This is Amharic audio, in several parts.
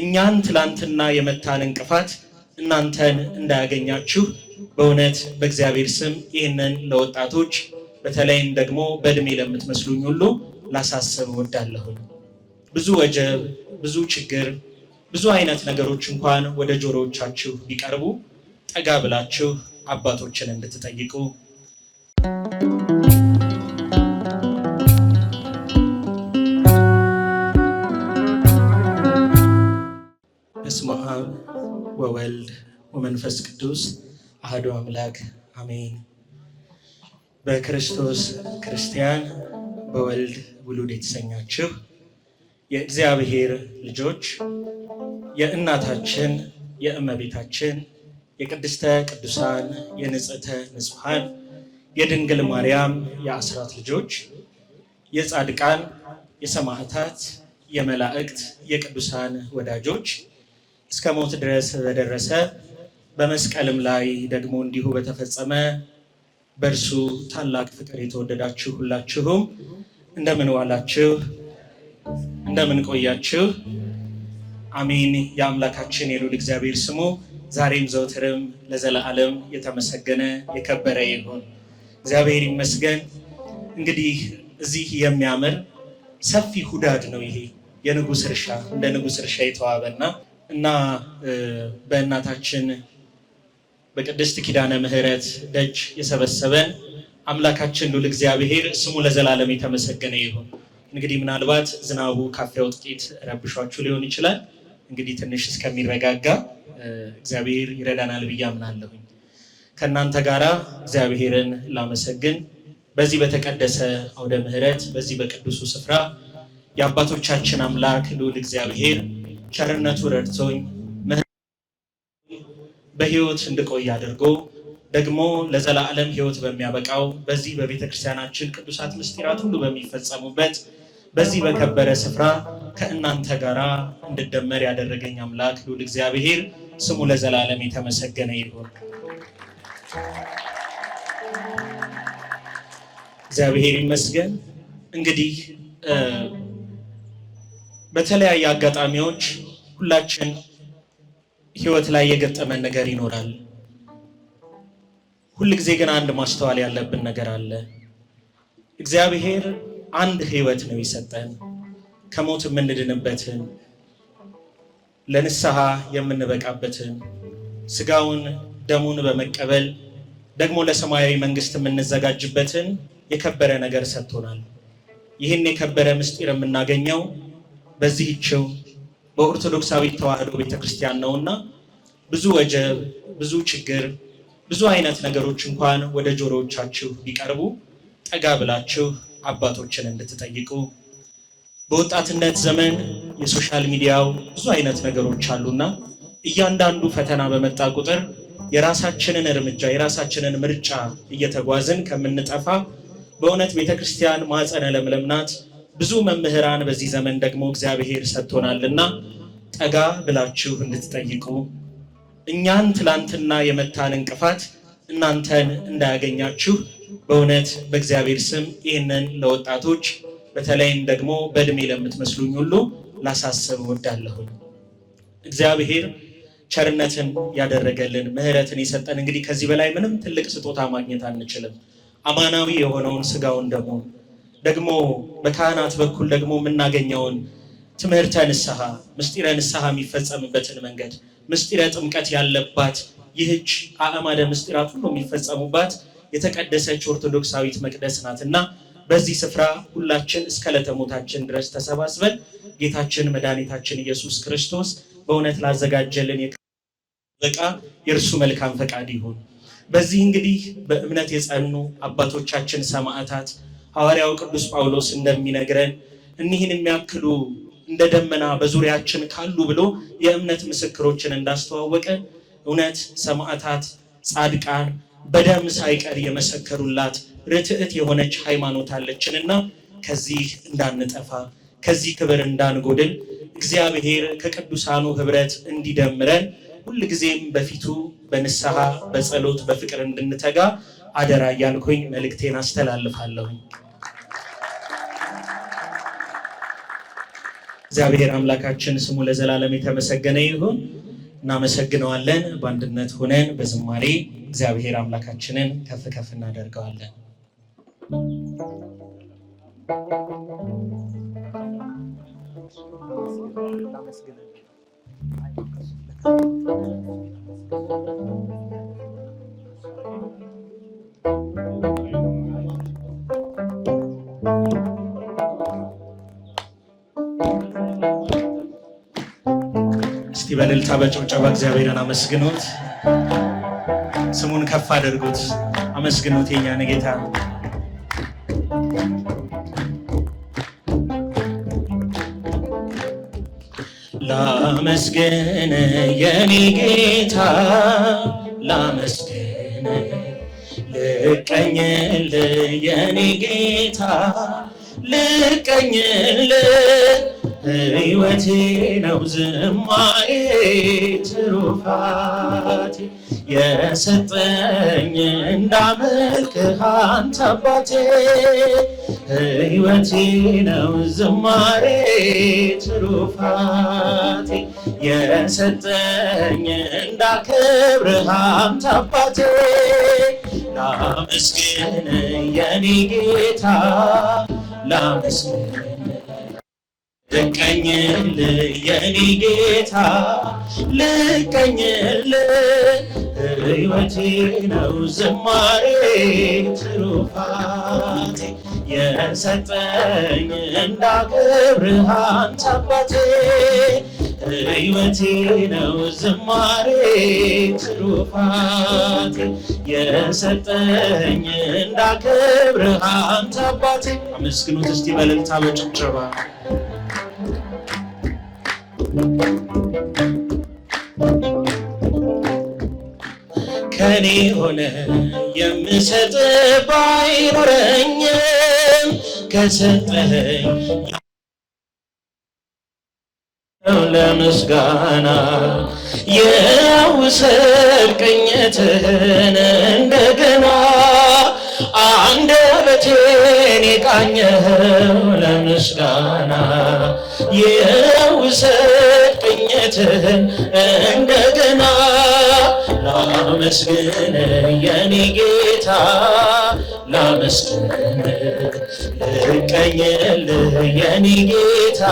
እኛን ትላንትና የመታን እንቅፋት እናንተን እንዳያገኛችሁ በእውነት በእግዚአብሔር ስም ይህንን ለወጣቶች በተለይም ደግሞ በእድሜ ለምትመስሉኝ ሁሉ ላሳስብ እወዳለሁኝ። ብዙ ወጀብ፣ ብዙ ችግር፣ ብዙ አይነት ነገሮች እንኳን ወደ ጆሮዎቻችሁ ቢቀርቡ ጠጋ ብላችሁ አባቶችን እንድትጠይቁ በስመ አብ ወወልድ ወመንፈስ ቅዱስ አህዶ አምላክ አሜን። በክርስቶስ ክርስቲያን በወልድ ውሉድ የተሰኛችሁ የእግዚአብሔር ልጆች የእናታችን የእመቤታችን የቅድስተ ቅዱሳን የንጽሕተ ንጹሐን የድንግል ማርያም የአስራት ልጆች የጻድቃን የሰማዕታት የመላእክት የቅዱሳን ወዳጆች እስከ ሞት ድረስ በደረሰ በመስቀልም ላይ ደግሞ እንዲሁ በተፈጸመ በእርሱ ታላቅ ፍቅር የተወደዳችሁ ሁላችሁም እንደምን ዋላችሁ? እንደምን ቆያችሁ? አሜን። የአምላካችን የሉድ እግዚአብሔር ስሙ ዛሬም ዘውትርም ለዘላለም የተመሰገነ የከበረ ይሁን። እግዚአብሔር ይመስገን። እንግዲህ እዚህ የሚያምር ሰፊ ሁዳድ ነው። ይሄ የንጉስ እርሻ እንደ ንጉስ እርሻ የተዋበና እና በእናታችን በቅድስት ኪዳነ ምሕረት ደጅ የሰበሰበን አምላካችን ሉል እግዚአብሔር ስሙ ለዘላለም የተመሰገነ ይሁን። እንግዲህ ምናልባት ዝናቡ ካፌው ጥቂት ረብሿችሁ ሊሆን ይችላል። እንግዲህ ትንሽ እስከሚረጋጋ እግዚአብሔር ይረዳናል ብዬ አምናለሁኝ። ከእናንተ ጋራ እግዚአብሔርን ላመሰግን በዚህ በተቀደሰ አውደ ምሕረት በዚህ በቅዱሱ ስፍራ የአባቶቻችን አምላክ ልዑል እግዚአብሔር ቸርነቱ ረድቶኝ በህይወት እንድቆይ አድርጎ ደግሞ ለዘላለም ህይወት በሚያበቃው በዚህ በቤተ ክርስቲያናችን ቅዱሳት ምስጢራት ሁሉ በሚፈጸሙበት በዚህ በከበረ ስፍራ ከእናንተ ጋር እንድደመር ያደረገኝ አምላክ ልዑል እግዚአብሔር ስሙ ለዘላለም የተመሰገነ ይሁን። እግዚአብሔር ይመስገን። እንግዲህ በተለያየ አጋጣሚዎች ሁላችን ህይወት ላይ የገጠመን ነገር ይኖራል። ሁል ጊዜ ግን አንድ ማስተዋል ያለብን ነገር አለ። እግዚአብሔር አንድ ህይወት ነው የሰጠን ከሞት የምንድንበትን ለንስሐ የምንበቃበትን ስጋውን ደሙን በመቀበል ደግሞ ለሰማያዊ መንግስት የምንዘጋጅበትን የከበረ ነገር ሰጥቶናል። ይህን የከበረ ምስጢር የምናገኘው በዚህችው በኦርቶዶክሳዊ ተዋሕዶ ቤተክርስቲያን ነውና ብዙ ወጀብ፣ ብዙ ችግር፣ ብዙ አይነት ነገሮች እንኳን ወደ ጆሮዎቻችሁ ቢቀርቡ ጠጋ ብላችሁ አባቶችን እንድትጠይቁ በወጣትነት ዘመን የሶሻል ሚዲያው ብዙ አይነት ነገሮች አሉና እያንዳንዱ ፈተና በመጣ ቁጥር የራሳችንን እርምጃ የራሳችንን ምርጫ እየተጓዝን ከምንጠፋ በእውነት ቤተክርስቲያን ማፀነ ለምለም ናት። ብዙ መምህራን በዚህ ዘመን ደግሞ እግዚአብሔር ሰጥቶናልና ጠጋ ብላችሁ እንድትጠይቁ እኛን ትላንትና የመታን እንቅፋት እናንተን እንዳያገኛችሁ በእውነት በእግዚአብሔር ስም ይህንን ለወጣቶች በተለይም ደግሞ በእድሜ ለምትመስሉኝ ሁሉ ላሳስብ እወዳለሁኝ። እግዚአብሔር ቸርነትን ያደረገልን ምሕረትን የሰጠን እንግዲህ ከዚህ በላይ ምንም ትልቅ ስጦታ ማግኘት አንችልም። አማናዊ የሆነውን ስጋውን ደግሞ ደግሞ በካህናት በኩል ደግሞ የምናገኘውን ትምህርተ ንስሐ ምስጢረ ንስሐ የሚፈጸምበትን መንገድ ምስጢረ ጥምቀት ያለባት ይህች አእማደ ምስጢራት ሁሉ የሚፈጸሙባት የተቀደሰች ኦርቶዶክሳዊት መቅደስ ናት እና በዚህ ስፍራ ሁላችን እስከ ለተሞታችን ድረስ ተሰባስበን ጌታችን መድኃኒታችን ኢየሱስ ክርስቶስ በእውነት ላዘጋጀልን በቃ የእርሱ መልካም ፈቃድ ይሁን። በዚህ እንግዲህ በእምነት የጸኑ አባቶቻችን ሰማዕታት ሐዋርያው ቅዱስ ጳውሎስ እንደሚነግረን እኒህን የሚያክሉ እንደ ደመና በዙሪያችን ካሉ ብሎ የእምነት ምስክሮችን እንዳስተዋወቀ እውነት ሰማዕታት፣ ጻድቃን በደም ሳይቀር የመሰከሩላት ርትዕት የሆነች ሃይማኖት አለችንና ከዚህ እንዳንጠፋ ከዚህ ክብር እንዳንጎድል እግዚአብሔር ከቅዱሳኑ ህብረት እንዲደምረን ሁልጊዜም በፊቱ በንስሐ በጸሎት በፍቅር እንድንተጋ አደራ እያልኩኝ መልእክቴን አስተላልፋለሁኝ። እግዚአብሔር አምላካችን ስሙ ለዘላለም የተመሰገነ ይሁን። እናመሰግነዋለን። በአንድነት ሆነን በዝማሬ እግዚአብሔር አምላካችንን ከፍ ከፍ እናደርገዋለን። Thank you. በእልልታ በጭብጨባ እግዚአብሔርን አመስግኑት። ስሙን ከፍ አድርጉት፣ አመስግኑት የእኛን ጌታ። ላመስግን የኔ ጌታ ላመስግን ልቀኝል የኔ ጌታ ልቀኝል ሕይወቴ ነው ዝማሬ ትሩፋቴ የሰጠኝ እንዳመልክህ አንተ አባቴ ሕይወቴ ነው ዝማሬ ትሩፋቴ የሰጠኝ እንዳከብርህ አንተ አባቴ ላመስግን የኔ ጌታ ላመስግን ልቀኝልህ የኔ ጌታ ልቀኝልህ ሕይወቴ ነው ዝማሬ ትሩፋቴ የሰጠኝ እንዳከብርህ አንተ ሕይወቴ ነው ዝማሬ ትሩፋቴ የሰጠኝ እንዳክብርሃን አንተ አባቴ። አመስግኑት እስቲ በእልልታ በጭብጨባ ከኔ ሆነ የምሰጥ ባይኖረኝም ከሰጠኝ ለምስጋና የውሰድ ቅኝትህን እንደገና አንጀቴን የቃኘኸው ለምስጋና የውሰድ ቅኝትህን እንደገና ላመስግን የኔ ጌታ ላመስግን ልቀኝል የኔ ጌታ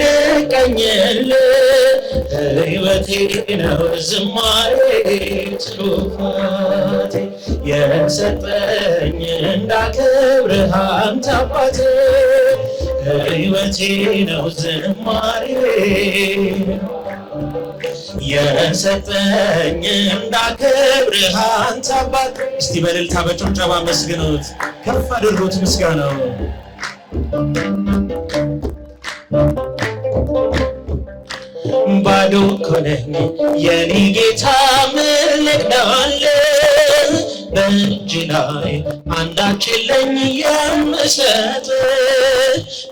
ልቀኝል ሕይወቴ ነው ዝማሬ ትሩፋቴ የሰጠኝ እንዳከብርህ አንተ አባቴ ሕይወቴ ነው ዝማሬ የሰጠኝ እንዳከብር አንተ አባት። እስቲ በእልልታ በጭብጨባ መስግኑት፣ ከፍ አድርጉት ምስጋናው ባዶ ኮነኝ የኔ ጌታ ምልቅዳለ በእጅ ላይ አንዳች የለኝ የምሰጥ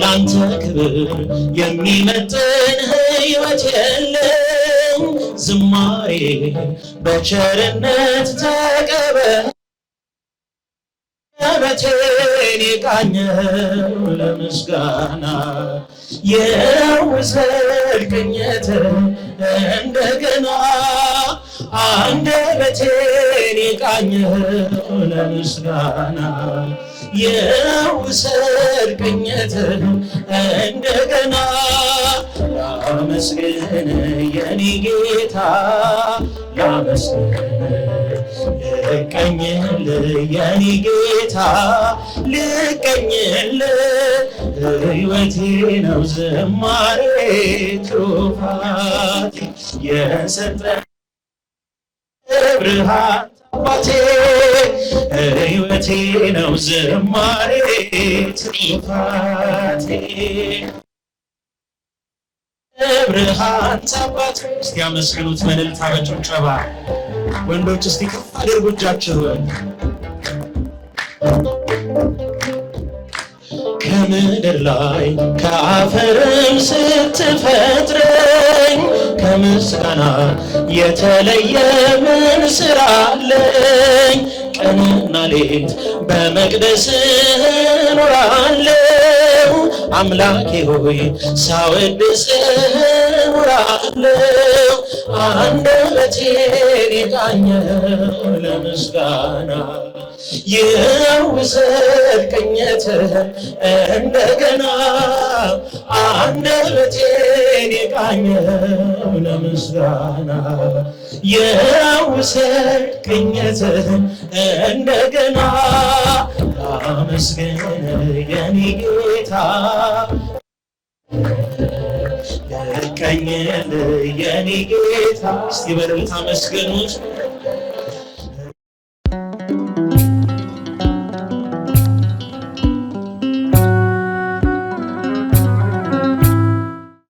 ላንተ ክብር የሚመጥን ሕይወት የለ ዝማሬ በቸርነት ተቀበል እምነቴን የቃኘው ለምስጋና የውሰድ ቅኝት እንደገና አንደበቴን የቃኘው ለምስጋና እንደገና ላመስግን የኔ ጌታ ላመስግን ልቀኝል የኔ ጌታ ልቀኝል ሕይወቴ ነው ዝማሬ ትሩፋት የሰጠ ብርሃን አባቴ ሕይወቴ ነው ዝማሬ ትሩፋቴ ብርሃን አባት እስቲ አመስግኑት በእልልታ በጭብጨባ ወንዶች እስቲ ከፍ አድርጉ እጃችሁን ከምድር ላይ ከአፈርም ስትፈጥረኝ ከምስጋና የተለየ ምን ስራ አለኝ ቀንና ሌት በመቅደስ እኖራለሁ አምላኬ ሆይ ሳወድስ ውራለው አንደበቴን የቃኘው ለምስጋና የውሰድ ቅኝትህን እንደገና አንደበቴን የቃኘው ለምስጋና የውሰድ ቅኝትህን እንደገና አመስግን የኔ ጌታ እርቀኝል የኔ ጌታ ሲበሉት ታመስገኑት